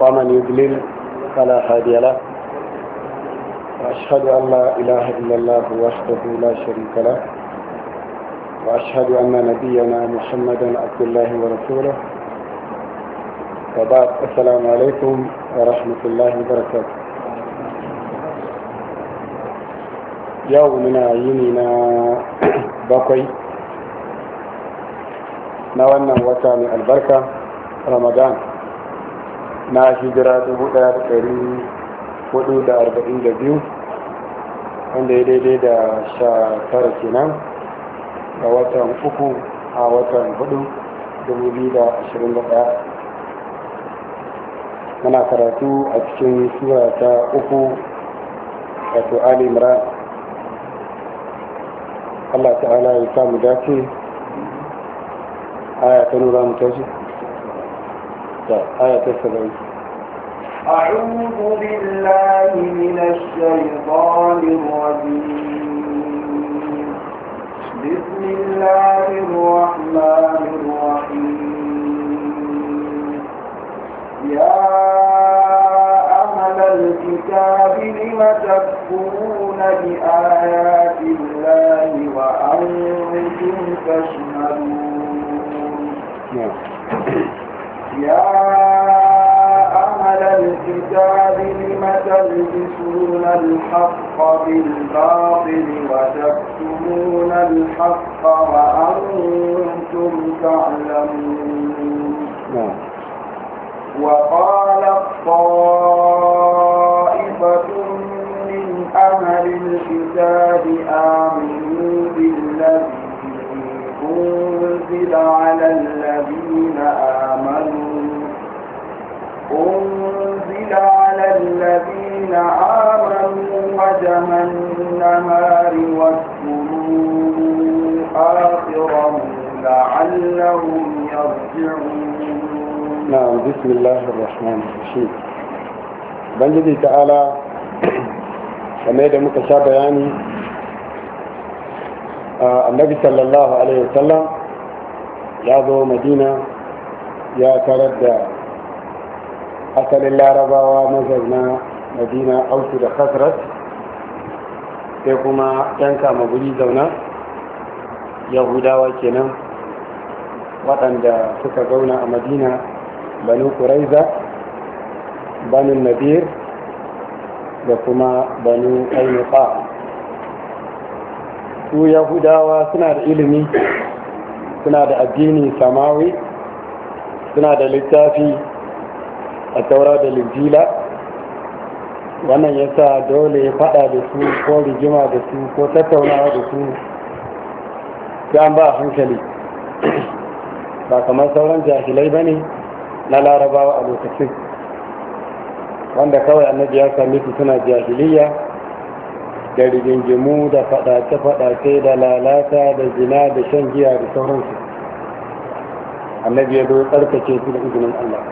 ومن يضلل فلا هادي له وأشهد أن لا إله إلا الله وحده لا شريك له وأشهد أن نبينا محمدا عبد الله ورسوله وبعد السلام عليكم ورحمة الله وبركاته يومنا يومنا بقي na wannan wata mai albarka ramadan na hijira 1442 wanda ya daidai da sha tara kenan ga watan uku a watan hudu 2021 muna karatu a cikin sura ta uku wato ali imran allah ta'ala ya samu dace آية ta nuna طيب، آية tashi أعوذ بالله من الشيطان الرجيم بسم الله الرحمن الرحيم يا أهل الكتاب لم تكفرون بآيات الله وأنتم تشهدون يا أهل الكتاب لم تلبسون الحق بالباطل وتكتمون الحق وأنتم تعلمون نعم. وقال الطائفة من أهل الكتاب آمنوا بالذي أنزل على الذين آمنوا أنزل على الذين آمنوا وجه النهار واذكروا آخرا لعلهم يرجعون نعم بسم الله الرحمن الرحيم بنجدي تعالى kamar da muka sha bayani annabi sallallahu alaihi wasallam ya zo madina ya tarar da asalin larabawa mazauna madina ausu da khasrat sai kuma yan kama guri zauna yahudawa kenan waɗanda suka zauna a madina banu kuraiza banin nadir da kuma banu ainuka su yahudawa suna da ilimi suna da addini samawi suna da littafi a taura da lijila wannan ya sa dole ya fada da su ko rigima da su ko tattaunawa da su sai an ba hankali ba kamar sauran jahilai ba ne na larabawa a lokacin wanda kawai annabi ya sami su suna jahiliya da rigingimu da faɗace-faɗace da lalata da zina da shan giya da sauransu annabi ya zo ya tsarkace su da izinin Allah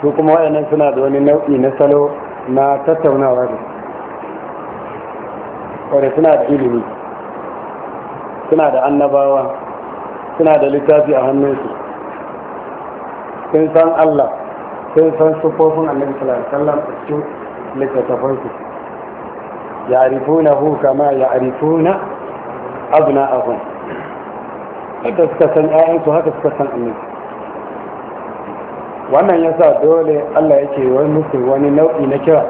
su kuma wayannan suna da wani nau'i na salo na tattaunawa da wadda suna da ilimi suna da annabawa suna da littafi a hannunsu sun san Allah sun san sufofin annabi sallallahu alaihi wasallam a cikin littattafansu ya'rifunahu kama ya'rifuna abna'ahum haka suka san su haka suka san annabi wannan yasa dole Allah yake wani musu wani nau'i na kira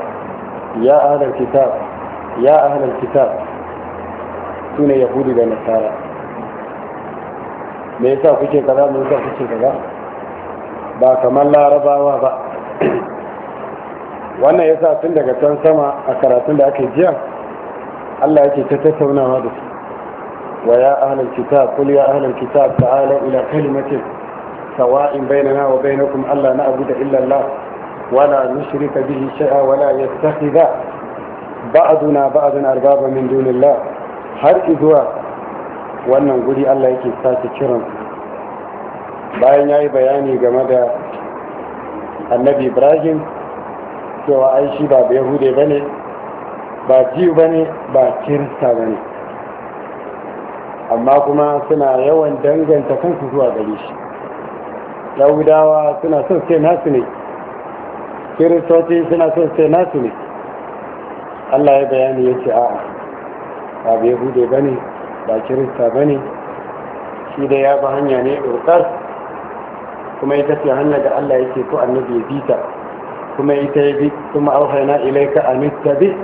ya ahlal kitab ya ahlal kitab sune yahudu da nasara me yasa kuke kaza me yasa kuke kaza ba kamar larabawa ba wannan yasa tun daga can sama a karatun da ake jiya Allah ce ta tattaunawa da su wa ya ahlul kitab qul ya ahlul kitab ta'ala ila kalimatin sawa'in bainana wa bainakum alla na illa Allah wa la nushrika bihi shay'a wa la yattakhidha ba'duna ba'dan arbaba min dunillah har zuwa wannan guri Allah yake sake kiran bayan yayi bayani game da annabi Ibrahim cewa ai shi ba da yahude ba ne ba jiyu ba ne ba kirista ba ne amma kuma suna yawan danganta kansu zuwa gari shi yahudawa suna son sai nasu ne kiristoci suna son sai nasu ne allah ya bayani ya ce a'a ba da yahude ba ne ba kirista ba ne shi da ya ba hanya ne ɗorkar kuma ya ce hanyar da allah yake ko annabi ya bita kuma ita ya bi kuma auhaina ilaika an ittabi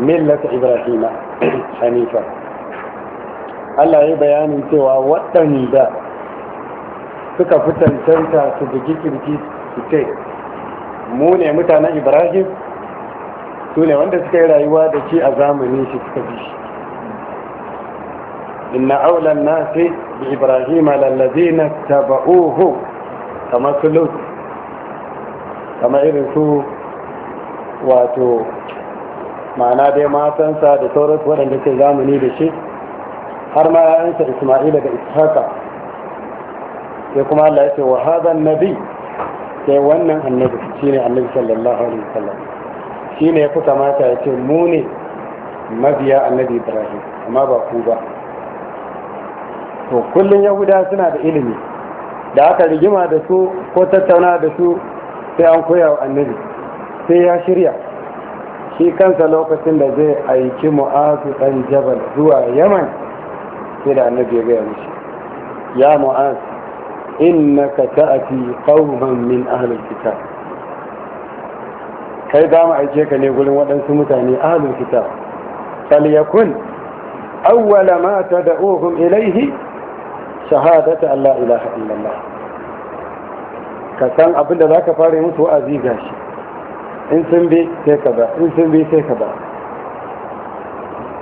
millata ibrahima hanifa Allah ya bayanin cewa waɗanda suka fi tantanta su bugi kirki su ce mu ne mutanen ibrahim su ne wanda suka yi rayuwa da shi a zamanin shi suka bi shi inna aulan nasi bi ibrahima lallazina taba'uhu kamar su kamar irin su wato ma'ana dai matansa da sauransu waɗanda ke zamani da shi har ma ya'yansa isma'ila da ishaka sai kuma Allah ya ce wa hadan nabi sai wannan annabi shine annabi sallallahu alaihi wasallam shine ya fi kamata ya ce mu ne mabiya annabi ibrahim amma ba ku ba to kullun yahuda suna da ilimi da aka rigima da su ko tattauna da su sai an koya wa annabi sai ya shirya shi kansa lokacin da zai aiki mu'azu ɗan jabal zuwa yaman sai da annabi ya gaya mishi ya mu'az innaka ta'ati qauman min ahlil kitab kai za mu aike ka ne gurin waɗansu mutane ahlul kitab falyakun awwala ma tad'uhum ilayhi shahadatu an la ilaha illallah ka san abin da za ka fara musu wa'azi ga shi in sun bi sai ka ba in sun bi sai ka ba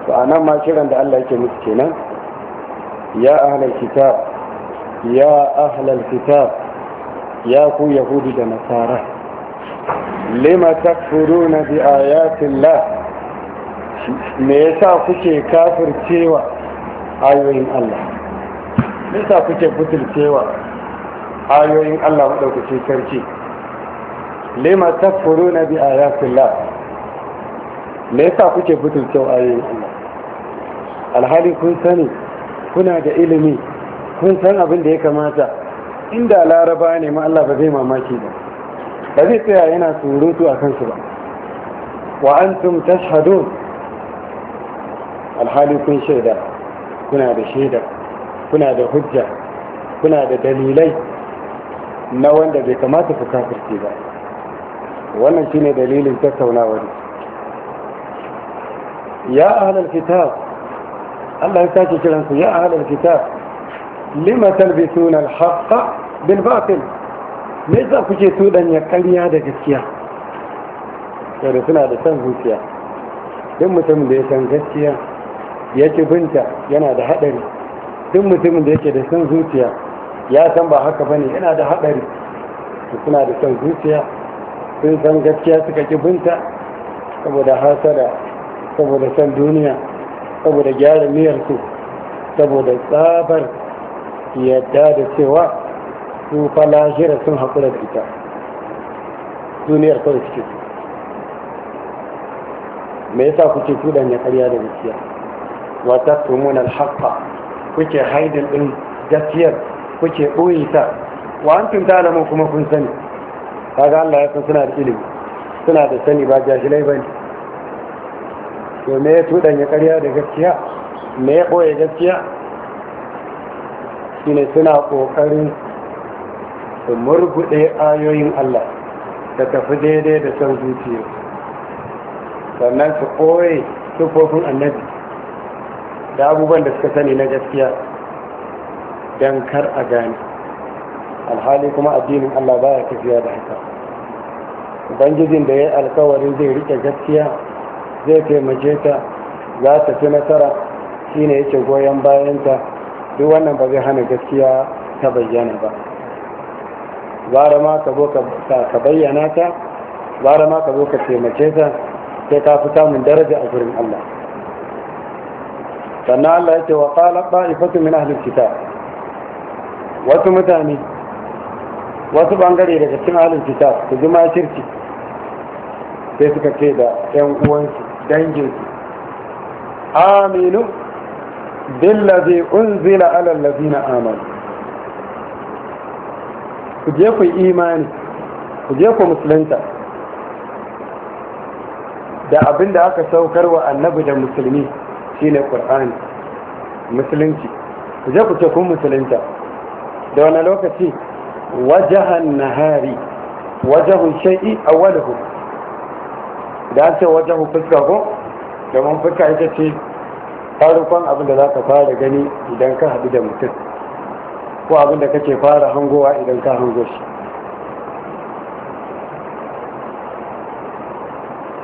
to a nan ma kiran da Allah yake musu kenan ya ahlal kitab ya ahlal kitab ya ku yahudi da nasara lima takfuruna bi ayatin la me yasa kuke kafircewa ayoyin Allah me yasa kuke butulcewa ayoyin Allah maɗaukacin sarki ta tafuru na bi ayatullah me yasa kuke butulcewa ayoyin Allah alhali kun sani kuna da ilimi kun san abin da ya kamata inda laraba ne ma Allah ba zai mamaki ba ba zai tsaya yana surutu a kansu ba wa an antum tashhadun alhali kun shaida kuna da shaida kuna da hujja kuna da dalilai na wanda bai kamata ku kafirce ba wannan shine dalilin tattaunawar ya ahlal kitab Allah ya sake kiransu ya ahlal kitab lima talbisuna al-haqq bil batil me ce tudan ya karya da gaskiya yadda suna da san zuciya duk mutumin da ya san gaskiya ya ci binta yana da haɗari duk mutumin da yake da san zuciya ya san ba haka bane yana da haɗari su suna da son zuciya sun san gaskiya suka ki binta saboda hasada saboda son duniya saboda gyara miyarsu saboda tsabar yadda da cewa su falashira sun haƙura da ita duniyar kawai suke su me yasa kuke ya karya da gaskiya wata tumunar haƙƙa kuke haidin ɗin gaskiyar kuke ɓoye ta wa an tun talamin kuma kun sani kaga Allah ya san suna da ilimi suna da sani ba jahilai ba ne to me ya ya ƙarya da gaskiya me ya ɓoye gaskiya shine suna ƙoƙarin su murguɗe ayoyin Allah da tafi daidai da son zuciya sannan su ɓoye sufofin annabi da abubuwan da suka sani na gaskiya don kar a gane alhali kuma addinin Allah baya tafiya da haka ubangijin da ya alkawarin zai rike gaskiya zai taimake ta za ta fi nasara shine yake goyon bayanta duk wannan ba zai hana gaskiya ta bayyana ba gara ma ka zo ka bayyana ta gara ma ka zo ka taimake ta sai ka fi samun daraja a gurin Allah sannan Allah ya ce wa qala qa'ifatu min ahli kitab wasu mutane wasu bangare daga cin halin fita su zuma shirki sai suka ce da 'yan uwansu danginsu aminu billazi unzila ala na amal ku je ku imani ku je ku musulunta da abin da aka saukar wa annabi da musulmi shine Kur'ani, musulunci ku je ku ce kun musulunta da wani lokaci wajahan nahari wajahun shai'i awwalahu da an ce wajahun fuska ko domin fuska ita ce farukon abin da za ka fara gani idan ka haɗu da mutum ko abin da kake fara hangowa idan ka hango shi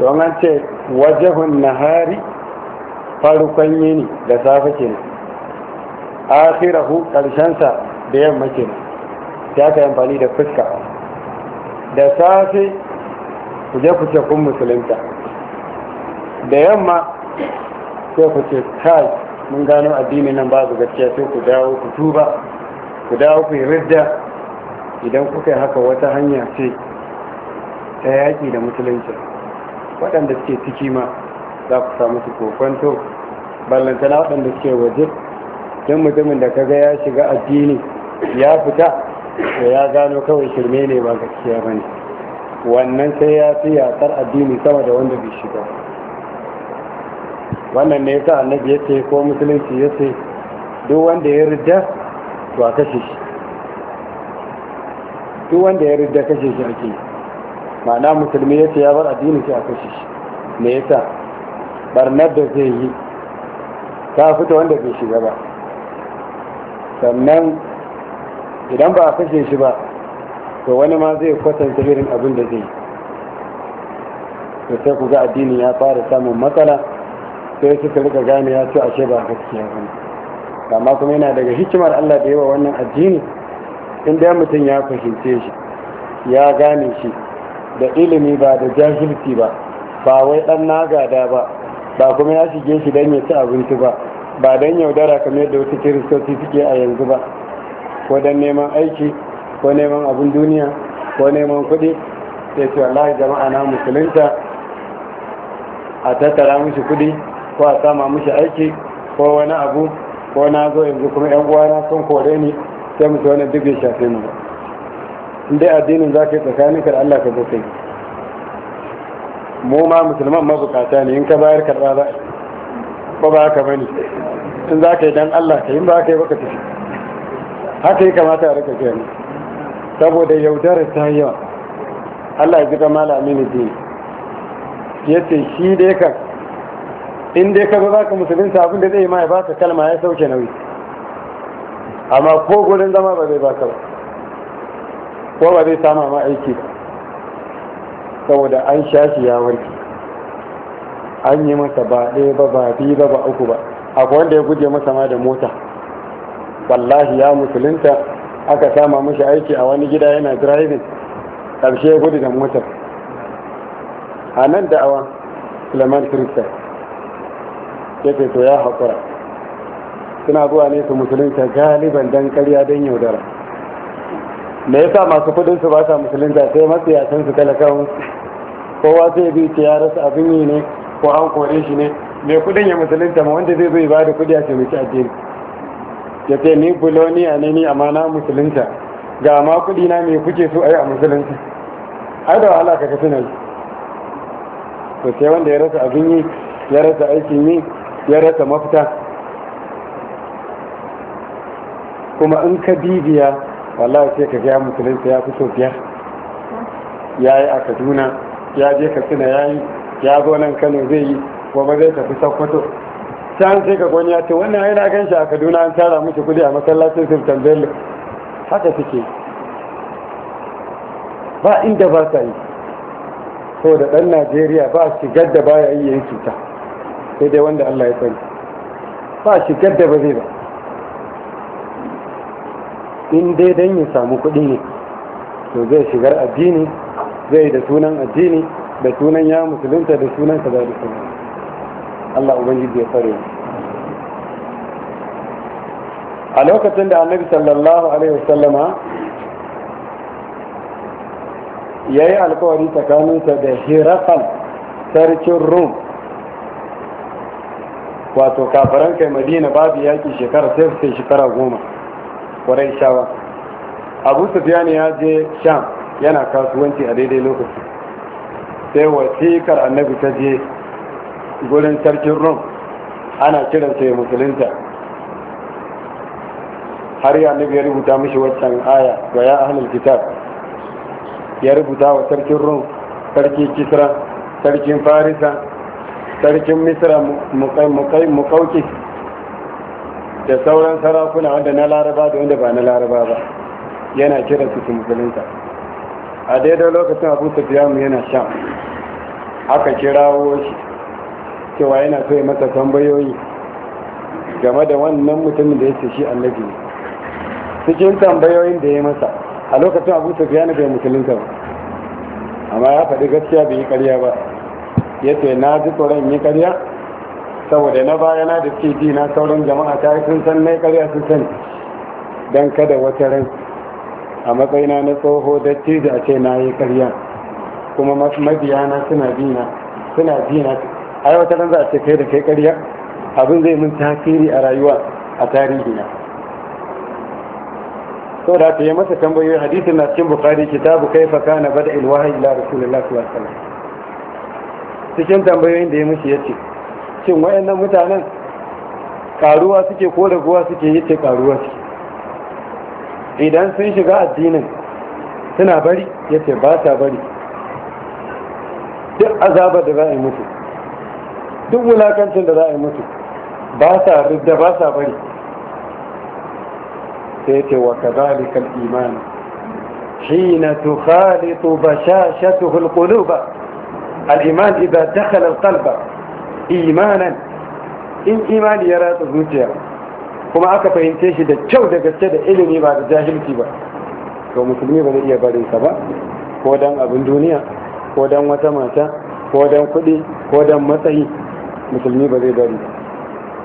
don an ce wajahun nahari farukon yini da safe kenan akhirahu sa. da yamma ke nan, aka yi amfani da fuska da safe ku je ku ce kun musulunta da yamma sai ku ce kai mun gano addini nan ba su gaskiya sai ku dawo ku tuba ku dawo ku yi ridda idan kuka yi haka wata hanya ce ta yaƙi da musulunci waɗanda suke ciki ma za ku samu su kokonto ballantana waɗanda suke waje don mutumin da kaga ya shiga addini ya fita da ya gano kawai shirme ne ba gaskiya ba ne wannan sai ya fi yatsar addini sama da wanda bai shiga wannan ne ta annabi ya ce ko musulunci ya ce duk wanda ya rida to a kashe shi duk wanda ya rida kashe shi ake ma'ana musulmi ya ce ya bar addini shi a kashe shi me yasa barnar da zai yi ta fita wanda bai shiga ba sannan idan ba a kashe shi ba to wani ma zai kwatanta irin abin da zai sai ku ga addini ya fara samun matsala sai suka rika gane ya ce ashe ba gaskiya ba amma kuma yana daga hikimar Allah da yawa wannan addini in da mutum ya fahimce shi ya gane shi da ilimi ba da jahilci ba ba wai dan nagada ba ba kuma ya shige shi dan ya ci abinci ba ba dan yaudara kamar yadda wasu kiristoci suke a yanzu ba ko dan neman aiki ko neman abin duniya ko neman kuɗi sai ce wallahi jama'a na musulunta a tattara mushi kuɗi ko a sama mushi aiki ko wani abu ko na zo yanzu kuma yan uwana sun kore ni sai mu wani duk ya shafe mu in dai addinin za ka yi tsakaninka da Allah ka zo kai mu ma musulman mabukata ne in ka bayar karɓa ba, ko ba ka bane in za ka yi dan Allah ka yi ba ka yi ka tafi haka yi kamata a rika ne saboda yaudarar ta yi yawa Allah ya zika malami ne ya ce shi dai ka in dai ka kaba baka musulunta abin da zai ma ya baka kalma ya sauke nauyi amma ko gudun zama ba zai baka ba ko ba zai sama ma aiki ba saboda an shashi ya warke an yi masa ba ɗaya ba ba biyu ba ba uku ba akwai wanda ya guje masa ma da mota wallahi ya musulunta aka sama mashi aiki a wani gida yana driving ƙarshe gudu da motar a nan awa suleiman kirista ya ce to ya haƙura suna zuwa ne su musulunta galiban don karya don yaudara me yasa masu kudin su ba sa musulunta sai matsiyatan su talakawan kowa zai bi ce ya rasa abin yi ne ko an kore shi ne mai kudin ya musulunta ma wanda zai bai ba da kudi a mace addini ya ce ni buloniya ne ni amma na musulunta ga ma kudi na me kuke so ai a musulunta ai da wahala ka kasu nan to sai wanda ya rasa abin yi ya rasa aikin yi ya rasa mafita kuma in ka bibiya wallahi sai ka ga musulunta ya fi so biyar ya yi a kaduna ya je katsina ya yi ya zo nan kano zai yi kuma zai tafi Sakkwato. can sai ka gwani ya ce wannan yana gan shi a kaduna an tara mushi kudi a masallacin sultan bello haka suke ba inda ba sa yi so da ɗan najeriya ba shigar da ya yi yayin cuta sai dai wanda allah ya tsari ba shigar da ba zai ba in dai don ya samu kuɗi ne to zai shigar addini zai da sunan addini da sunan ya musulunta da sunan kaza da sunan Allah ubangiji ya fare a lokacin da annabi sallallahu alaihi wasallama ya yi alkawari tsakaninsa da hirafal sarkin rum wato kafaran kai madina babu yaƙi shekara sai sai shekara goma ƙwarai shawa abu sufyan ya je sham yana kasuwanci a daidai lokaci sai wasikar annabi ta je gurin sarkin rum ana kiransa ya musulunta har ya annabi ya rubuta mishi waccan aya ga ya ahlul kitab ya rubuta wa sarkin rum sarki kisra sarkin farisa sarkin misra mukauki da sauran sarakuna wanda na laraba da wanda ba na laraba ba yana kiran su su musulunta a daidai lokacin abu mu yana sha aka kirawo shi cewa yana so ya masa tambayoyi game da wannan mutumin da ya ce shi annabi ne cikin tambayoyin da ya masa a lokacin abu sufiya na bai musulunta ba amma ya faɗi gaskiya bai yi ƙarya ba ya na ji tsoron yi ƙarya saboda na na da ke ji na sauran jama'a ta yi sun san na yi ƙarya sun sani don kada wata ran a matsayina na tsoho dattijo a ce na yi ƙarya kuma mabiyana suna dina suna ai wata nan za a ce kai da kai ƙarya abin zai mun tasiri a rayuwa a tarihi na so da ta yi masa tambayoyi hadisin na cikin bukari kitabu kai fa kana bada ilwahi ila rasulullahi sallallahu alaihi wasallam cikin tambayoyin da ya mishi yace shin wayannan mutanen karuwa suke ko raguwa suke yace karuwa suke idan sun shiga addinin suna bari yace ba ta bari duk azabar da za a yi mutu duk wulakancin da za a yi mutu ba sa rida ba sa bari sai ce wa kadhalika al shi na tukhalitu bashashatuhu al-qulub al-iman idha ba al kalba imanan in imani ya ratsa zuciya kuma aka fahimce shi da kyau da gaske da ilimi ba da jahilci ba to musulmi ba zai iya barin sa ba ko dan abin duniya ko dan wata mata ko dan kuɗi ko dan matsayi musulmi ba zai bari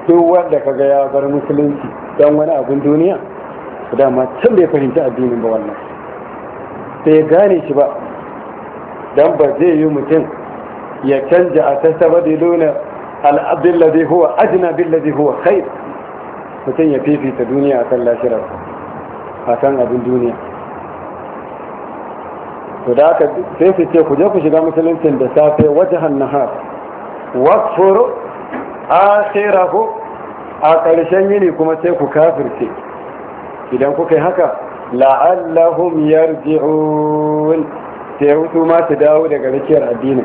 duk wanda kaga ya bar musulunci don wani abin duniya dama can bai fahimci addinin ba wannan bai gane shi ba don ba zai yi mutum ya canja a ta saba da nuna al'abdin lade huwa ajina bin lade huwa khair mutum ya fifita duniya a kan lashirar a kan abin duniya to da aka sai su ce ku je ku shiga musuluncin da safe wajen nahar wakfuru akhirahu a ƙarshen yini kuma sai ku kafirce idan kuka yi haka la'allahum yarji'un sai hutu ma su dawo daga rikiyar addini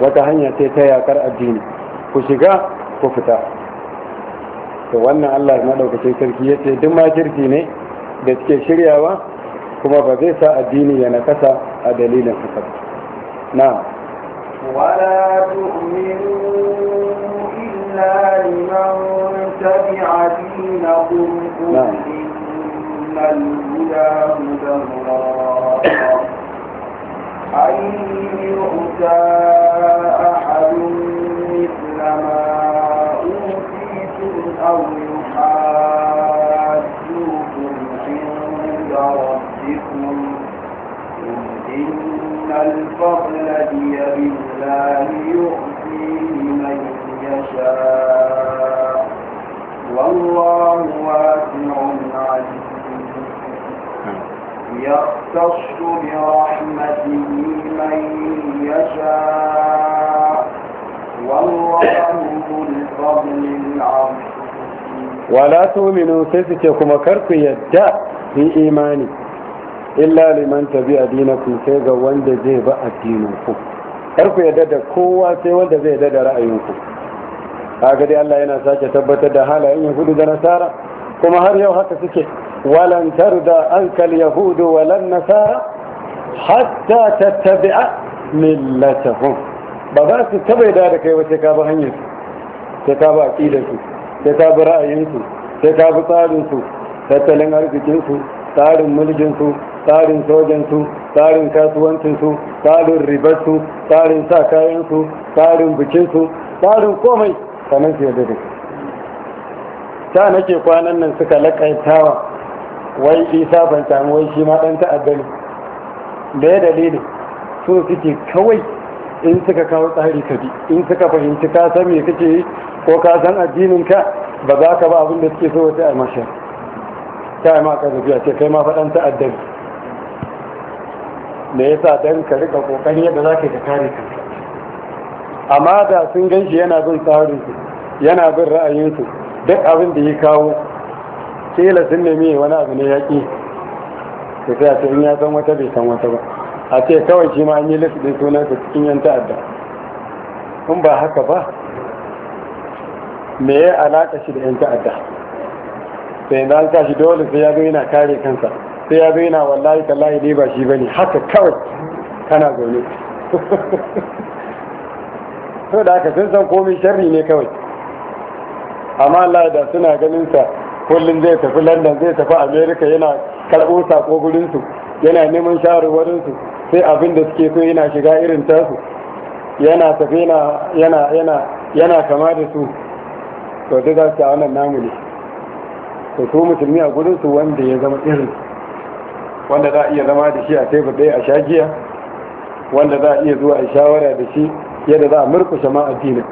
wata hanya sai ta yakar addini ku shiga ku fita to wannan Allah madaukake sarki yace duk ma kirki ne da suke shiryawa kuma ba zai sa addini ya nakasa a dalilin haka na ولا تؤمنوا إلا لمن تبع دينكم قل نعم. إن الهدى هدى الله أن يؤتى أحد مثل ما أوتيتم أو يحاجوكم عند ربكم إن الفضل بيد الله يؤتيه من يشاء والله واسع عليم يختص برحمته من يشاء والله ذو الفضل العظيم ولا تؤمنوا سيسكم كركو يدى في ايماني illa liman tabi adinakum sai ga wanda zai ba addininku kar ku yarda da kowa sai wanda zai yadda da ra'ayinku kaga dai Allah yana sake tabbatar da halayen yahudu da nasara kuma har yau haka suke walan tarda ankal yahudu walan nasara hatta tattabi'a millatahum ba za su taba yadda da kai wace ka ba hanyar sai ka ba su sai ka bi ra'ayinsu sai ka bi su tattalin arzikinsu tsarin mulkinsu tsarin sojansu tsarin kasuwancinsu tsarin ribarsu tsarin sa kayansu tsarin bikinsu tsarin komai kamar su yadda da ta nake kwanan nan suka lakaitawa wai isa ban samu wai shi ma dan ta'adda ne da ya dalili so suke kawai in suka kawo tsari ka bi in suka fahimci ka san me kake yi ko ka san addinin ka ba za ka ba abin da suke so wata a mashar ta yi maka tafiya ce kai ma faɗan ta'addan me yasa dan ka rika kokari yadda za ka kare ka amma da sun gan shi yana bin tsarin su yana bin ra'ayinsu duk abin da ya kawo kila sun nemi wani abu ne yaƙi da sai a ce in ya san wata bai san wata ba a ce kawai shi ma an yi lissu da sunansa cikin yan ta'adda in ba haka ba me ya alaƙa shi da yan ta'adda sai yanzu an tashi dole sai ya zo yana kare kansa sai ya zo yana wallahi tallahi ne ba shi ba ne haka kawai kana zaune so da haka sun san komai sharri ne kawai amma Allah da suna ganin sa kullum zai tafi London zai tafi America yana karɓo sako gurin yana neman shawarwarin su sai abin da suke so yana shiga irin tasu yana tafi yana kama da su to duk za su wannan namu ne to su musulmi a gurin su wanda ya zama irin wanda za a iya zama da shi a tebur ɗaya a shajiya wanda za a iya zuwa a shawara da shi yadda za a murkushe ma addinin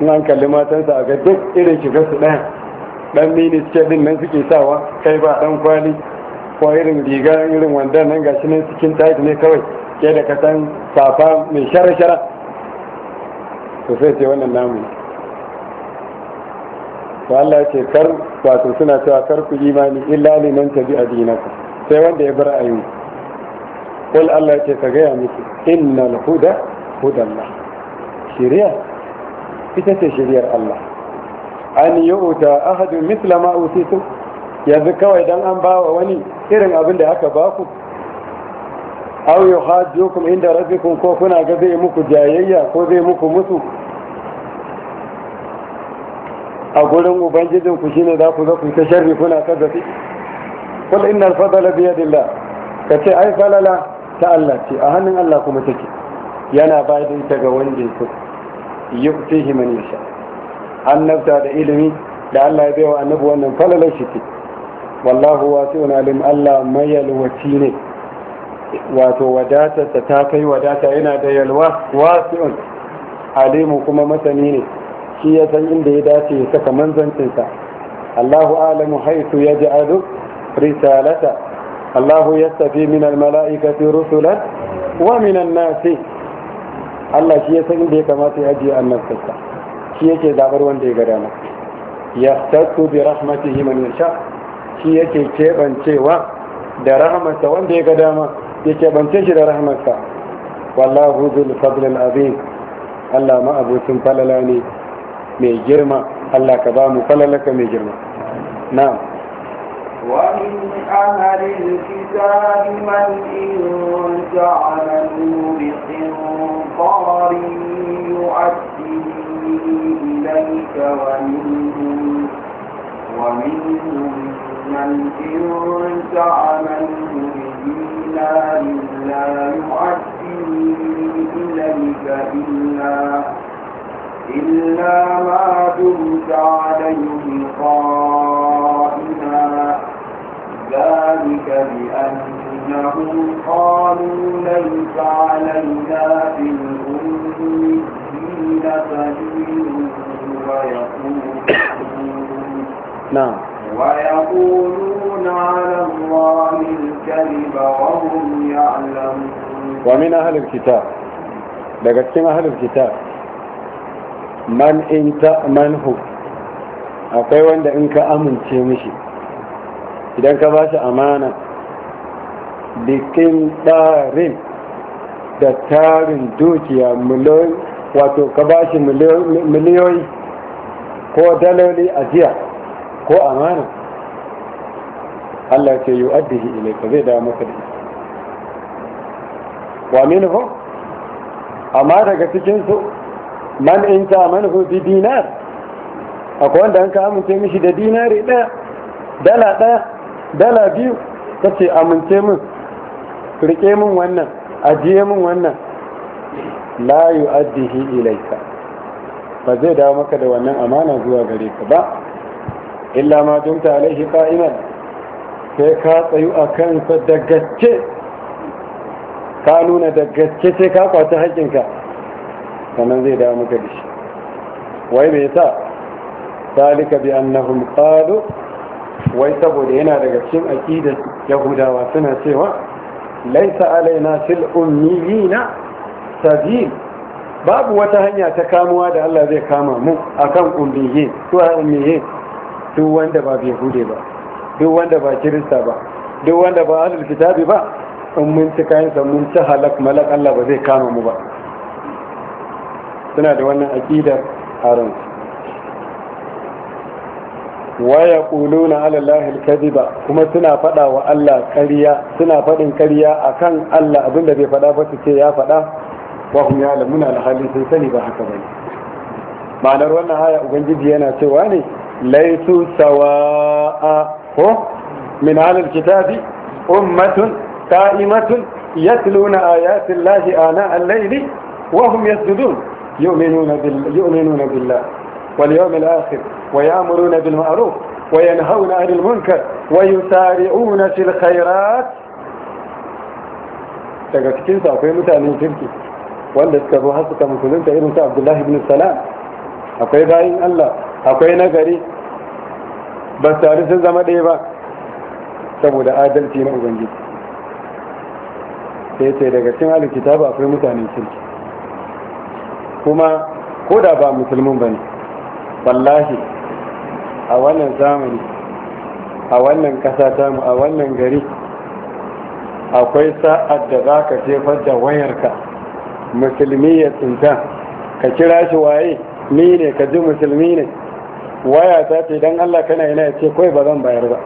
in an kalli matansa a ga duk irin shigar su ɗaya ɗan mini suke ɗin nan suke sawa kai ba ɗan kwali ko irin riga irin wanda nan gashi nan cikin tight ne kawai ke da ka san safa mai shara-shara to sai wannan namu to Allah ce kar wato suna cewa kar ku imani illa liman tabi adinaka sai wanda ya bar ayyuka kul Allah ce ka gaya miki innal huda hudallah shari'a ita ce shari'ar Allah an yu'ta ahadu mithla ma utitu yanzu kawai dan an bawa wani irin abin da aka ku aw yuhajjukum inda rabbikum ko kuna ga zai muku jayayya ko zai muku musu a gurin ubangijin ku shine za ku zo ku ta sharri kuna ta zafi kul al-fadl bi yadillah ka ce ai falala ta Allah ce a hannun Allah kuma take yana bayar ta ga wanda yake yuftihi man yasha annabta da ilimi da Allah ya bayar annabi wannan falala shi ke. wallahu wasi'un alim Allah yalwaci ne wato wadata ta kai wadata yana da yalwa wasi'un alimu kuma masani ne shi ya san inda ya dace ya saka manzancinsa Allahu alamu haitu ya ji adu risalata Allahu ya tafi min almala'ikati rusulan wa min annasi Allah shi ya san inda ya kamata ya ajiye annabtarsa shi yake zabar wanda ya ga dama yastatu bi rahmatihi man yasha shi yake kebancewa da rahmatsa wanda ya ga dama ya kebance shi da rahmatsa wallahu dhul fadl azim Allah ma abucin falala ne من جرما الله كبان ba لك falalaka جرما نعم ومن أهل الكتاب من إن جعله بقنطار يؤديه إليك ومنهم ومنهم من إن جعله بدينار لا يؤديه إليك إلا إلا ما دمت عليه قائما ذلك بأنهم قالوا ليس علينا في الأمين سبيل ويقولون نعم ويقولون على الله الكذب وهم يعلمون ومن أهل الكتاب لقد أهل الكتاب man in ta'manhu akwai wanda in ka amince mishi idan ka ba shi amana bikin ɗarin da tarin dukiya miliyoyi wato ka ba shi miliyoyi ko daloli a jiya ko amana Allah ce yi addihi ilai ka zai da maka da ita wa minhu amma daga cikinsu man in ta manhu bi dinar akwai wanda an ka amince mishi da dinari ɗaya dala ɗaya dala biyu ta ce amince min rike min wannan ajiye min wannan la addihi ilaika ba zai dawo maka da wannan amana zuwa gare ka ba illa ma ta alaihi qa'iman sai ka tsayu a kansa da gaske ka nuna da gaske sai ka kwaci haƙƙinka sannan zai dawo maka da wai me yasa salika bi annahum qalu wai saboda yana daga cikin aqidar yahudawa suna cewa laisa alaina fil ummiyina sabil babu wata hanya ta kamuwa da Allah zai kama mu akan ummiyin to ummiyin duk wanda ba yahude ba duk wanda ba kirista ba duk wanda ba ahlul kitabi ba in mun sa mun ta halak malak Allah ba zai kama mu ba suna da wannan aqidar haram waya kuluna alallahi alkadiba kuma suna faɗa wa Allah ƙarya suna faɗin ƙarya akan Allah abinda bai fada ba su ce ya faɗa? wa hum ya'lamuna alhali sun sani ba haka bane ma'anar wannan haya ubangiji yana cewa ne laisu sawa'a ko min alal kitabi ummatun qa'imatun yatluna ayati llahi ana al wa hum yasjudun يؤمنون, بال... يؤمنون بالله واليوم الآخر ويأمرون بالمعروف وينهون عن المنكر ويسارعون في الخيرات تقول كنت أقول متعلم تركي كفو حسك مسلم تقول أنت عبد الله بن السلام أقول باين الله أقول نقري بس تعرف الزمن إيبا تقول آدل فينا أبنجي تقول كنت أقول كتاب أقول متعلم تركي kuma ko da ba musulmin ba ne wallahi a wannan zamani a wannan ƙasa tamu a wannan gari akwai sa'ad da za ka jefar da wayarka musulmi ya tsinta ka kira shi waye ni ne ka ji musulmi ne waya ta ce don allah kana yana ya ce kawai ba zan bayar ba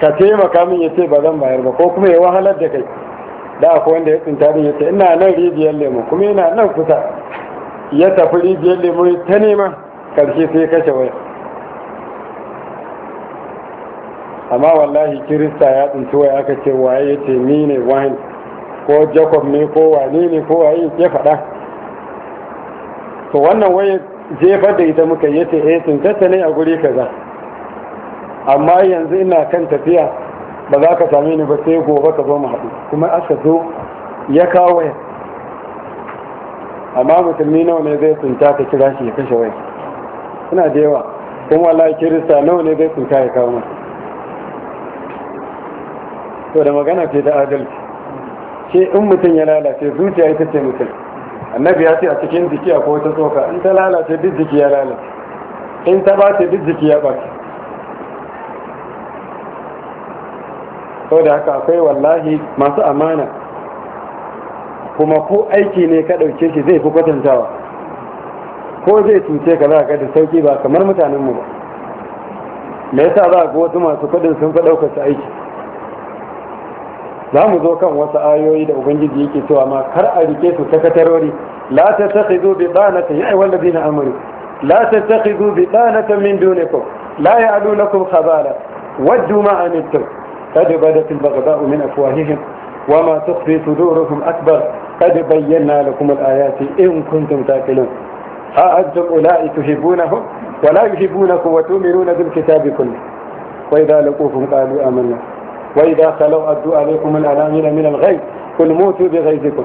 ka taimaka min ya ce ba zan bayar ba ko kuma ya wahalar da kai da akwai wanda ya tsinta da ce ina nan rijiyar lemu kuma ina nan kusa ya tafi rijiyar lemu ta nema karshe sai kashe waya amma wallahi kirista ya tsinci waya aka ce waye ce ni ne wani ko jacob ne ko wane ne ko waye ya faɗa to wannan waye jefar da ita muka yi yace eh tsintarta ne a guri kaza amma yanzu ina kan tafiya ba za ka same ni ba sai gobe ka zo mu haɗu kuma aka zo ya kawo waya amma musulmi nawa ne zai tsinta ka kira shi ya kashe waya suna da yawa kuma wallahi kirista nawa ne zai tsinta ya kawo masa to da magana ce da adalci ce in mutum ya lalace zuciya ita ce mutum annabi ya ce a cikin jiki a kowace tsoka in ta lalace duk jiki ya lalace in ta bace duk jiki ya ɓace sau da haka akwai wallahi masu amana kuma ko aiki ne ka ɗauke shi zai fi kwatantawa ko zai cuce ka za ka da sauki ba kamar mutanenmu ba me yasa za ga wasu masu kudin sun fi ɗaukar su aiki za mu zo kan wasu ayoyi da ubangiji yake cewa ma kar a rike su sakatarori la ta tafi zo bi ɗanata ya aiwal da zina amuri la ta tafi zo bi ɗanata min dunikum la ya alu lakum khabala waddu ma'anittum قد بدت البغضاء من أفواههم وما تخفي صدوركم أكبر قد بينا لكم الآيات إن كنتم تاكلون ها أنتم أولئك تحبونهم ولا يحبونكم وتؤمنون بالكتاب كله وإذا لقوكم قالوا آمنا وإذا خلوا أدوا عليكم الأنامل من الغيب قل موتوا بغيظكم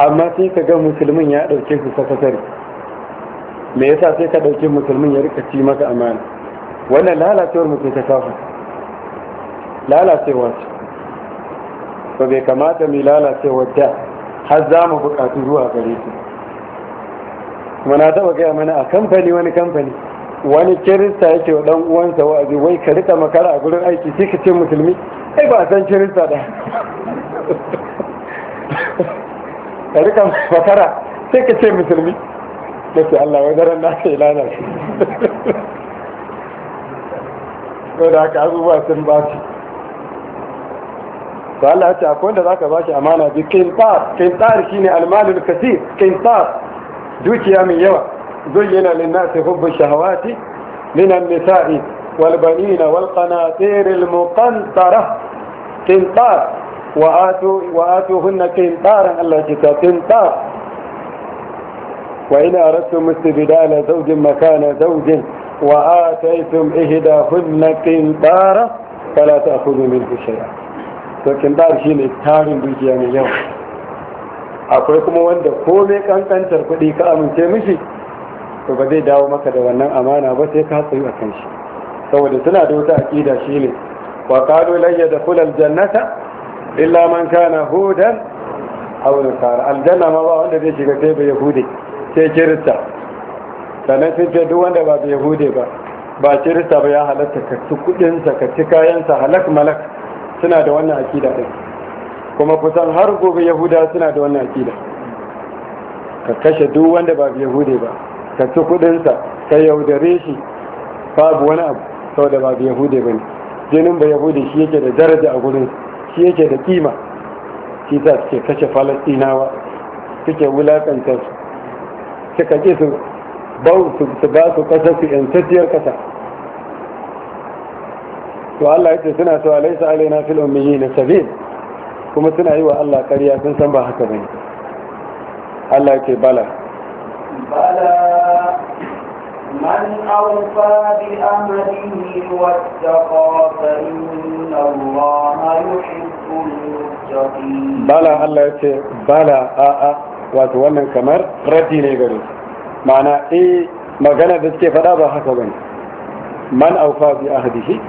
amma sai ka ga musulmin ya ɗauke su sakasari me yasa sai ka ɗauke musulmin ya rika ci maka amana wannan lalacewar mutum ta kafa lalacewa ce ba bai kamata mai lalacewar da har za mu bukatu zuwa gare su na taba gaya mana a kamfani wani kamfani wani kirista yake wa dan uwansa wa'azi wai ka rika makara a gurin aiki sai ka ce musulmi ai ba san kirista da ka rika makara sai ka ce musulmi da ke Allah wai daren na sai lana shi da ka abubuwa sun ba su to Allah ya ce akwai wanda zaka bashi amana bi qintar qintar shine almalul kaseer qintar dukiya mai yawa zayyana lin nasi hubbu shahawati min an-nisa'i wal banina wal qanatir al muqantara qintar wa atu wa atuhunna qintaran Allah ya ce qintar wa in aradtum istibdala zawjin makana zawjin وآتيتم إهداهن قنطارا فلا تأخذوا منه شيئا to kindar shi ne tarin dukiya mai yawa akwai kuma wanda komai kankantar kudi ka amince mishi to ba zai dawo maka da wannan amana ba sai ka tsayi a kan shi saboda suna da wata aƙida shi ne wa kalu da yadkhul jannata illa man kana hudan aw nasara aljanna ma ba wanda zai shiga sai ba yahudi sai kirista sannan sun ce duk wanda ba yahudi ba ba kirista ba ya halatta ka ci kudinsa ka ci kayansa halak malak suna da wannan akida ɗin kuma kusan har gobe yahuda suna da wannan akida ka kashe duk wanda ba yahude ba ka ci kudinsa ka yaudare shi babu wani abu saboda ba yahude ba ne jinin ba yahude shi yake da daraja a gurin shi yake da kima shi ta suke kashe falastinawa suke wulakanta su suka ƙi su ba su ba su kasa su yantattiyar ƙasa. to Allah yake suna cewa laisa alaina fil ummiyina sabil kuma suna yi wa Allah ƙarya sun san ba haka bane Allah yake bala bala man awfa bi amrihi wattaqa fa inna Allah al muttaqin bala Allah yake bala a a wato wannan kamar radi ne gare ma'ana eh magana da suke faɗa ba haka bane man awfa bi ahdihi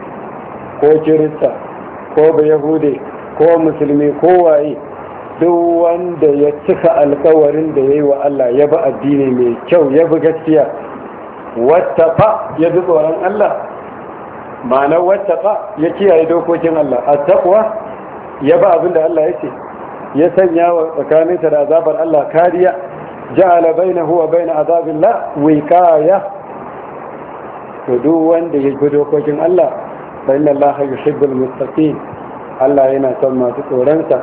ko kirista ko bayahude ko musulmi ko waye duk wanda ya cika alkawarin da ya yi wa Allah ya bi addini mai kyau ya bi gaskiya wata fa ya bi tsoron Allah ma'ana wata fa ya kiyaye dokokin Allah a takwa ya ba abin da Allah ya ce ya sanya wa tsakaninsa da azabar Allah kariya ja'ala bainahu wa bain azabillah wiqaya to duk wanda ya bi dokokin Allah fa inna allaha yuhibbul Allah yana son masu tsoronsa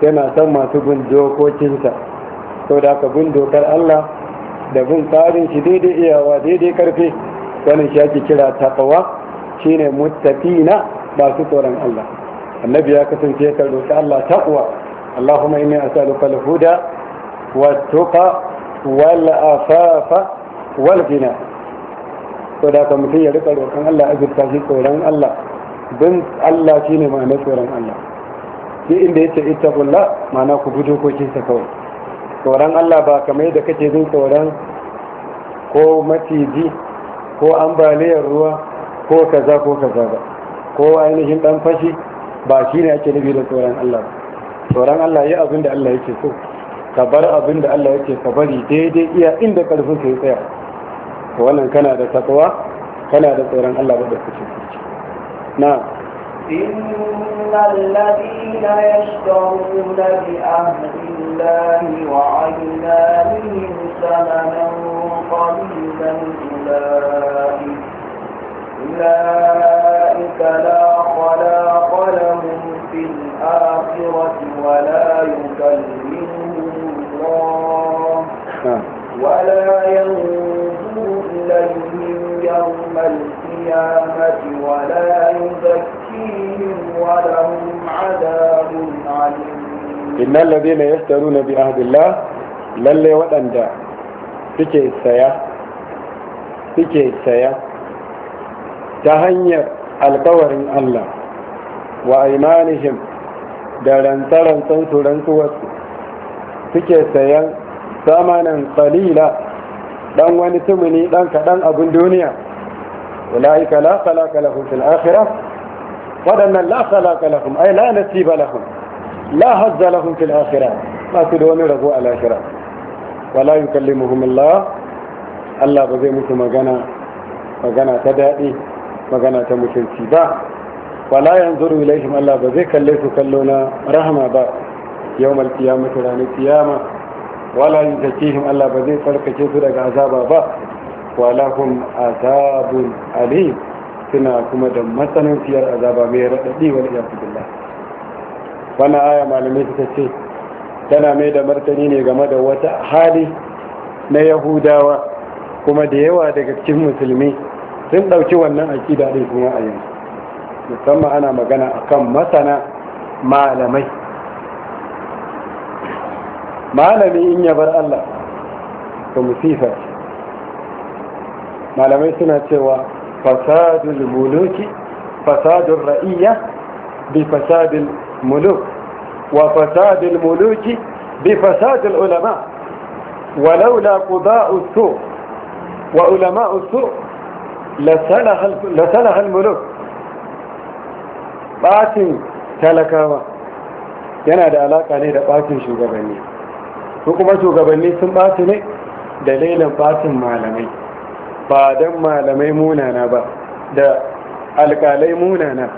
yana son masu bin dokokinsa sau da aka bin dokar Allah da bin tsarin shi daidai iyawa daidai karfe wani shi ake kira takawa shine muttaqina masu tsoron Allah annabi ya kasance ka roki Allah taqwa Allahumma inni as'aluka al-huda wat-tuqa wal afafa wal ghina so da ka mutum ya rika roƙon Allah azurta shi tsoron Allah don Allah shi ne ma'anar tsoron Allah shi inda ya ce ita bulla, ma'ana ku bi dokokinsa kawai tsoron Allah ba kamar yadda kake jin tsoron ko maciji ko ambaliyar ruwa ko kaza ko kaza ba ko ainihin dan fashi ba shi ne ake nufi da tsoron Allah tsoron Allah yi abin da Allah yake so ka bar abin da Allah yake ka bari daidai iya inda karfin ka ya tsaya wannan kana da takwa kana da tsoron Allah ba da kuce na إن الذين يشترون بأهل الله وأيمانهم ثمنا قليلا أولئك أولئك لا خلاق لهم في الآخرة ولا يكلمهم الله ولا ينظر عليهم يوم القيامة ولا يزكيهم ولهم عذاب عليم إن الذين يشترون بعهد الله lalle waɗanda suke saya suke saya ta hanyar alkawarin Allah wa imanihim da rantsa-rantsan su rantsuwarsu suke sayan samanin kalila dan wani tumuni dan kaɗan abin duniya ulaika la khalaqa lahum fil akhirah wadannan la khalaqa lahum ay la nasiba lahum la hazza lahum fil akhirah ba su da wani rabo a lahira wala yukallimuhum Allah Allah ba zai musu magana magana ta daɗi magana ta mutunci ba wala yanzuru ilaihim Allah ba zai kalle su kallo na rahama ba yawmal qiyamati ranar qiyama wala yuzakihim Allah ba zai tsarkake su daga azaba ba wala hum azabun alim suna kuma da matsananciyar azaba mai raɗaɗi wal iyaku billah wannan aya malamai suka ce tana mai da martani ne game da wata hali na yahudawa kuma da yawa daga cikin musulmi sun ɗauki wannan akida ɗin kuma a yanzu musamman ana magana akan masana malamai malami in ya bar Allah to musifa malamai suna cewa fasadul muluki fasadul ra'iyya bi fasadil muluk wa fasadul muluki bi fasadil ulama ولولا قضاء السوء وعلماء السوء لسلها الملوك باتن talakawa yana da alaka ne da bakin shugabanni su kuma shugabanni sun ɓaci ne dalilin ɓacin malamai ba don malamai munana ba da alƙalai munana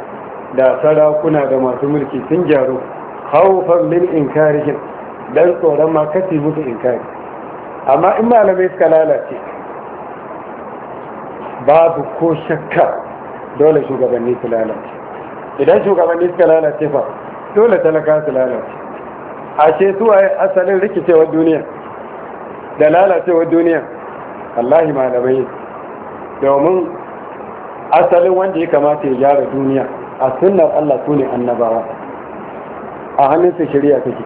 da sarakuna da masu mulki sun gyaru haufan min inkarihin don tsoron ma kashi musu inkari amma in malamai suka lalace babu ko shakka dole shugabanni su lalace idan shugabanni suka lalace fa dole talaka su lalace ashe su waye asalin rikicewar duniya da lalacewar duniya wallahi malamai domin asalin wanda ya kamata ya gyara duniya a sunnar Allah su ne annabawa a hannunsu shirya take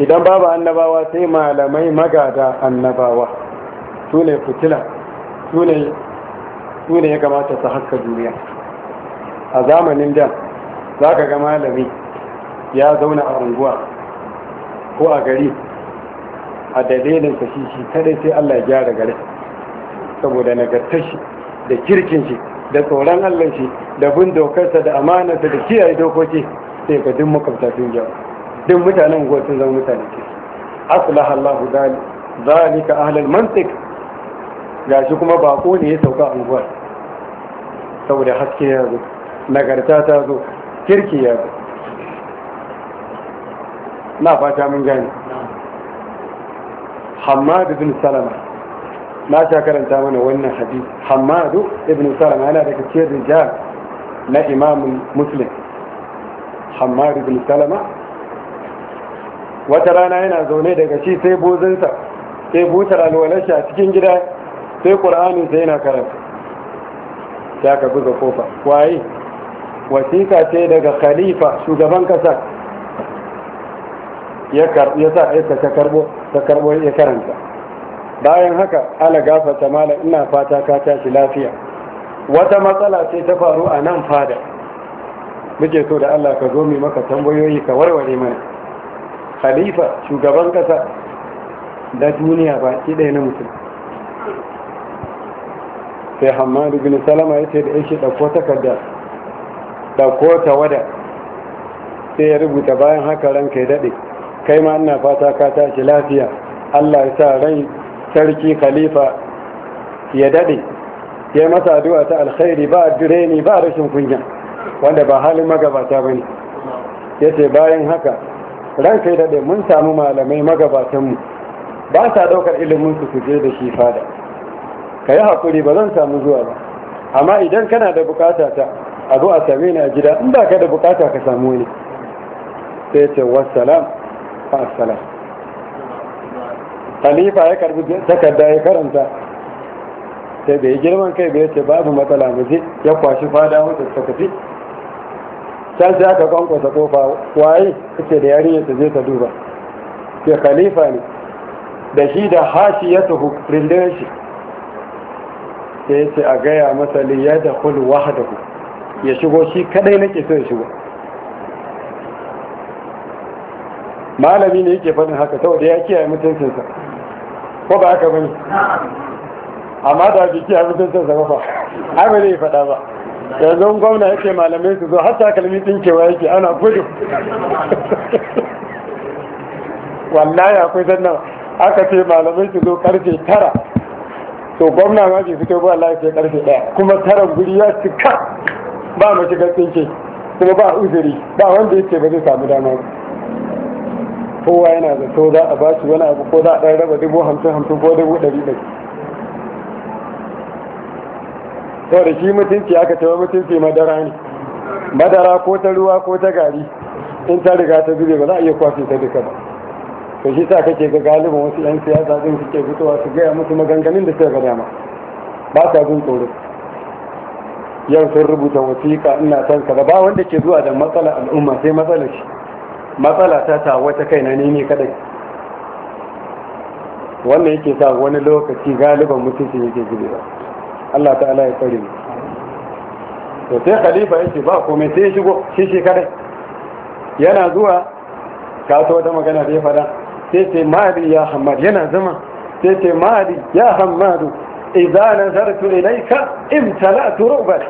idan babu annabawa sai malamai magada annabawa su ne fitila su ne ya kamata su haska duniya a zamanin da za ka ga malami ya zauna a unguwa ko a gari a dalilin sa shi shi sai Allah ya gyara gare saboda nagartar shi da kirkin shi da tsoron Allah shi da bin dokarsa da amanarsa da kiyaye dokoki sai ga duk makabta sun gyara duk mutanen go sun zama mutane ke aslaha Allah zalika ahlul mantiq gashi kuma bako ne ya sauka unguwar saboda haske ya zo nagarta ta zo kirki ya zo na fata mun gani hamadu bin salama na sha karanta mana wannan hadis hamadu ibn salama yana daga cikin jihar na imam muslim hamadu bin salama wata rana yana zaune daga shi sai bozinsa sai butar alwalarsa a cikin gida sai ƙur'anin sai yana karanta ya ka buga kofa waye wasiƙa ce daga khalifa shugaban ƙasa ya karbo ya karanta bayan haka ala gafata mala ina fata ka tashi lafiya wata matsala ce ta faru a nan fada muke so da Allah ka zo mu maka tambayoyi ka warware mana khalifa shugaban kasa da duniya baki ɗaya na mutum sai hamadu bin salama ya ce da yake ɗauko takarda ɗauko tawada sai ya rubuta bayan haka ranka ya daɗe kai ma ina fata ka tashi lafiya Allah ya sa rai sarki khalifa ya daɗe, ya masa addu'a ta alkhairi ba direni ba rashin kunya wanda ba halin magabata bane yace bayan haka ran kai dade mun samu malamai magabatan mu ba sa daukar ilimin su je da shi fada kai hakuri ba zan samu zuwa ba amma idan kana da bukata ta a zo a same ni a gida in ba ka da bukata ka samu ni sai ce wassalam khalifa ya karbi takarda ya karanta sai bai girman kai bai ce babu matsala mu ya kwashi fada wata ta tafi can sai aka kwankwasa kofa waye kace da yarinya ta je ta duba ke khalifa ne da shi da hashi ya tuhu rindin shi sai ce a gaya masa li ya da kulu wahadahu ya shigo shi kadai nake so ya shigo malami ne yake faɗin haka saboda ya kiyaye mutuncinsa ko ba haka bane amma da bai kiyaye mutuncinsa ba fa ai ba zai faɗa ba yanzu gwamna yake malamai su zo har takalmi tsinkewa yake ana gudu wallahi akwai sannan aka ce malamai su zo karfe tara to gwamna ma bai fito ba wallahi sai karfe daya kuma tara guri ya cika ba mu shiga tsinke kuma ba uzuri ba wanda yake ba zai samu dama ba kowa yana zato za a ba shi wani abu ko za a ɗan raba dubu hamsin hamsin ko dubu ɗari ɗari to da shi mutunci aka cewa mutunci madara ne madara ko ta ruwa ko ta gari in ta riga ta zube ba za a iya kwafi ta duka ba to shi sa kake ga galibin wasu 'yan siyasa din suke fitowa su gaya musu maganganun da suka ga dama ba sa jin tsoro yau sun rubuta wasiƙa ina son kaza ba wanda ke zuwa da matsala al'umma sai matsalar shi matsala ta ta wata kaina ne ne kadai wannan yake sa wani lokaci galiban mutunci yake ba Allah ta'ala ya tsari ne to sai khalifa yake ba komai sai ya shigo shi shi kadai yana zuwa ka ta wata magana da ya fada sai ce mali ya hamadu yana zama sai ce mahadi ya hamadu idza nazartu ilayka imtala'tu rubat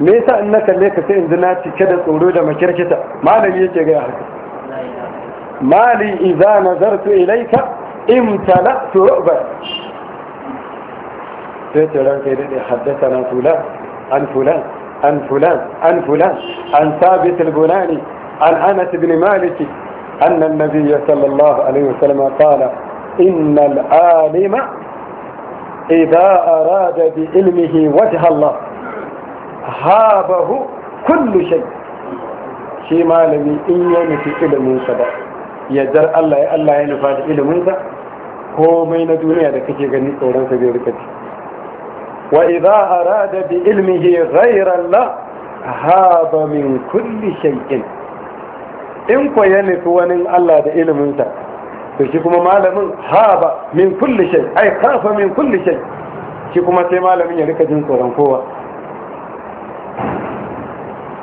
me yasa in na kalle ka sai in zina na cike da tsoro da makirkita مالي يجي يا مالي إذا نظرت إليك امتلأت رؤبا تتران كده حدثنا فلان عن فلان عن فلان عن فلان عن ثابت البناني عن أنس بن مالك أن النبي صلى الله عليه وسلم قال إن العالم إذا أراد بعلمه وجه الله هابه كل شيء shi malami in ya nufi iliminsa ya jar Allah ya Allah ya nufa da iliminsa komai na duniya da kake gani sa zai rika wa idza arada bi ilmihi ghayra Allah haba min kulli shay'in in ko ya nufi wani Allah da iliminsa to shi kuma malamin haba min kulli shay ai kafa min kulli shay shi kuma sai malamin ya rika jin tsoron kowa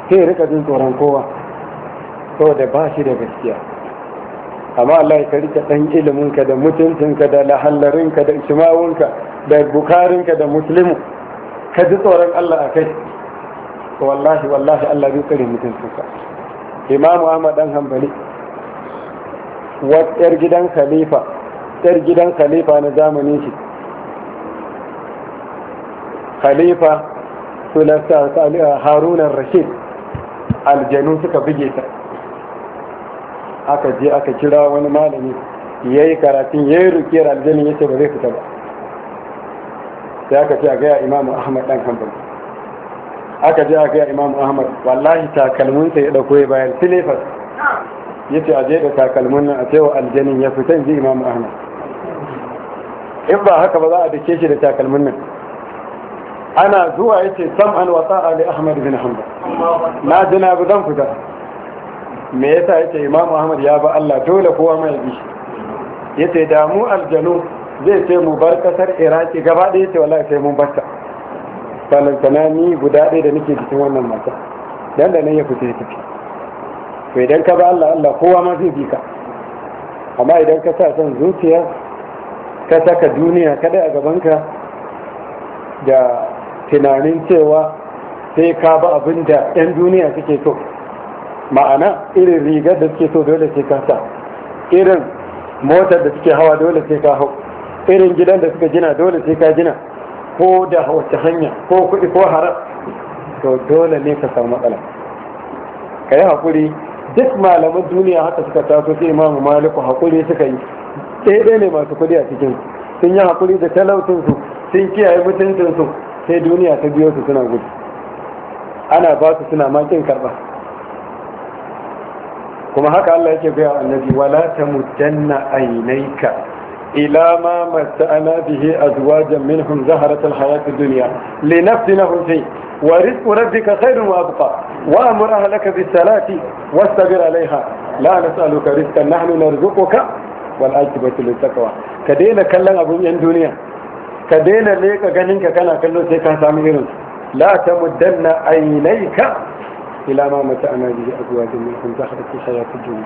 sai rika jin tsoron kowa saboda ba shi da gaskiya amma Allah ka rike dan iliminka da mutuncinka da lahallarinka da ishmawunka da bukarinka da muslimu ka ji tsoron Allah a kai wallahi wallahi Allah zai tsare mutuncinka imamu Ahmad dan Hanbali wata gidan khalifa yar gidan khalifa na zamanin shi khalifa sulasa haruna rashid aljanu suka buge ta aka je aka kira wani malami ya yi karatun ya yi rukiyar aljanin ya ce ba zai fita ba sai aka ce a gaya imamu ahmad dan hanbali aka je a gaya imamu ahmad wallahi takalminsa ya ɗauko ya bayan silifas ya ce a je da takalmin nan a wa aljanin ya fita in ji imamu ahmad in ba haka ba za a dake shi da takalmin nan ana zuwa ya ce sam an wasa ali ahmad bin hanbal na jina zan fita me yasa yace imamu ahmad ya ba Allah dole kowa mai bi yace da mu aljanu zai ce mu bar kasar iraki gaba ɗaya yace wallahi sai mun barta sanan ni guda ɗaya da nake cikin wannan mata dan da nan ya fice tafi to idan ka ba Allah Allah kowa ma zai bi ka amma idan ka sa son zuciya ka saka duniya kada a gabanka da tunanin cewa sai ka ba abinda da 'yan duniya suke so ma'ana irin rigar da suke so dole sai ka sa irin motar da suke hawa dole sai ka hau irin gidan da suka gina dole sai ka gina ko da wace hanya ko kuɗi ko haram to dole ne ka samu matsala ka yi haƙuri duk malaman duniya haka suka taso sai imamu maliku haƙuri suka yi ɗaya ne masu kuɗi a cikin sun yi haƙuri da talautinsu sun kiyaye mutuncinsu sai duniya ta biyo su suna gudu ana ba su suna makin karɓa kuma haka Allah yake gaya annabi wala tamuddanna aynayka ila ma mata'ana bihi azwajan minhum zaharat alhayat ad-dunya linaftinahum fi wa rizqu rabbika khairun wa abqa wa amur ahlaka bis salati wastabir alaiha la nas'aluka rizqan nahnu narzuquka wal aqibatu lit taqwa ka daina kallon abun yan duniya ka daina leka ganin ka kana kallo sai ka samu irin la tamuddanna aynayka إلى ما متعنا به أزواج منهم زهرة الحياة الدنيا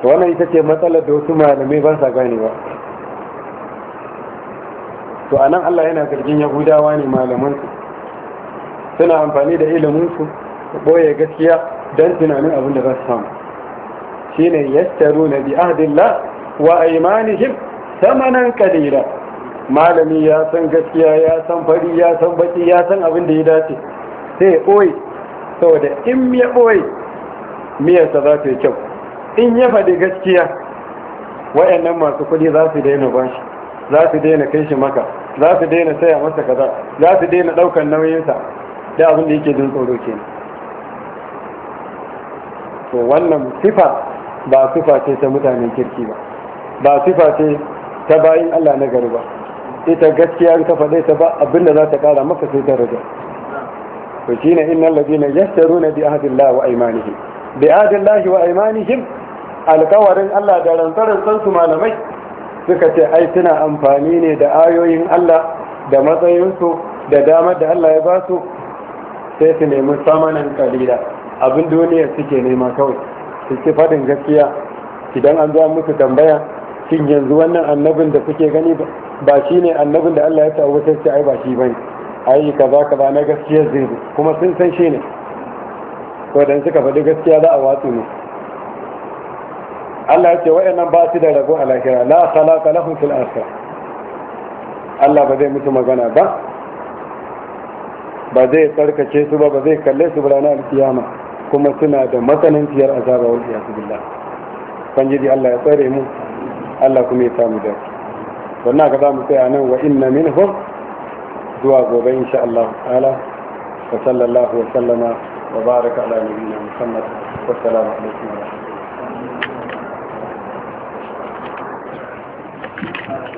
wannan ita ce matsalar da wasu malamai ba sa ganewa to a nan allah yana zargin yahudawa ne malamansu suna amfani da iliminsu su ɓoye gaskiya don tunanin abin da za su samu shi ne yastaru na bi ahdilla wa aimanihim samanan kalila malami ya san gaskiya ya san fari ya san baki ya san abin da ya dace sai oi ɓoye saboda in ya ɓoye miyarsa za ta yi kyau in ya faɗi gaskiya wa'annan masu kuɗi za su daina bashi za su daina kai shi maka za su daina saya masa kaza za su daina ɗaukar nauyinsa da abin da yake jin tsoro kenan to wannan sifa ba sifa ce ta mutanen kirki ba ba sifa ce ta bayin Allah na gari ba ita gaskiya in ka faɗe ta ba abinda za ta ƙara maka sai ta rage. to shine innal ladina yashtaruna bi ahdillahi wa aymanihim bi ahdillahi wa aymanihim alkawarin Allah da rantsarantsan su malamai suka ce ai suna amfani ne da ayoyin Allah da matsayinsu da damar da Allah ya basu su sai su nemi samanan kalila abin duniya suke nema kawai su ci faɗin gaskiya idan an zuwa musu tambaya shin yanzu wannan annabin da suke gani ba shi annabin da Allah ya tawo sai ai ba shi bane ai kaza kaza na gaskiyar zai kuma sun san shi ne to dan suka faɗi gaskiya za a watsu ne Allah ya ce wa'annan ba su da rago a lahira la khalaqa lahum fil akhir Allah ba zai mutu magana ba ba zai tsarkace su ba ba zai kalle su ranar kiyama kuma suna da matsananciyar azaba ya iyaz billah banjiji Allah ya tsare mu Allah kuma ya samu da wannan ka za mu tsaya nan wa inna minhum zuwa gobe insha Allah ta'ala wa sallallahu wa sallama wa baraka ala nabiyina Muhammad wa salamu alaikum wa rahmatullahi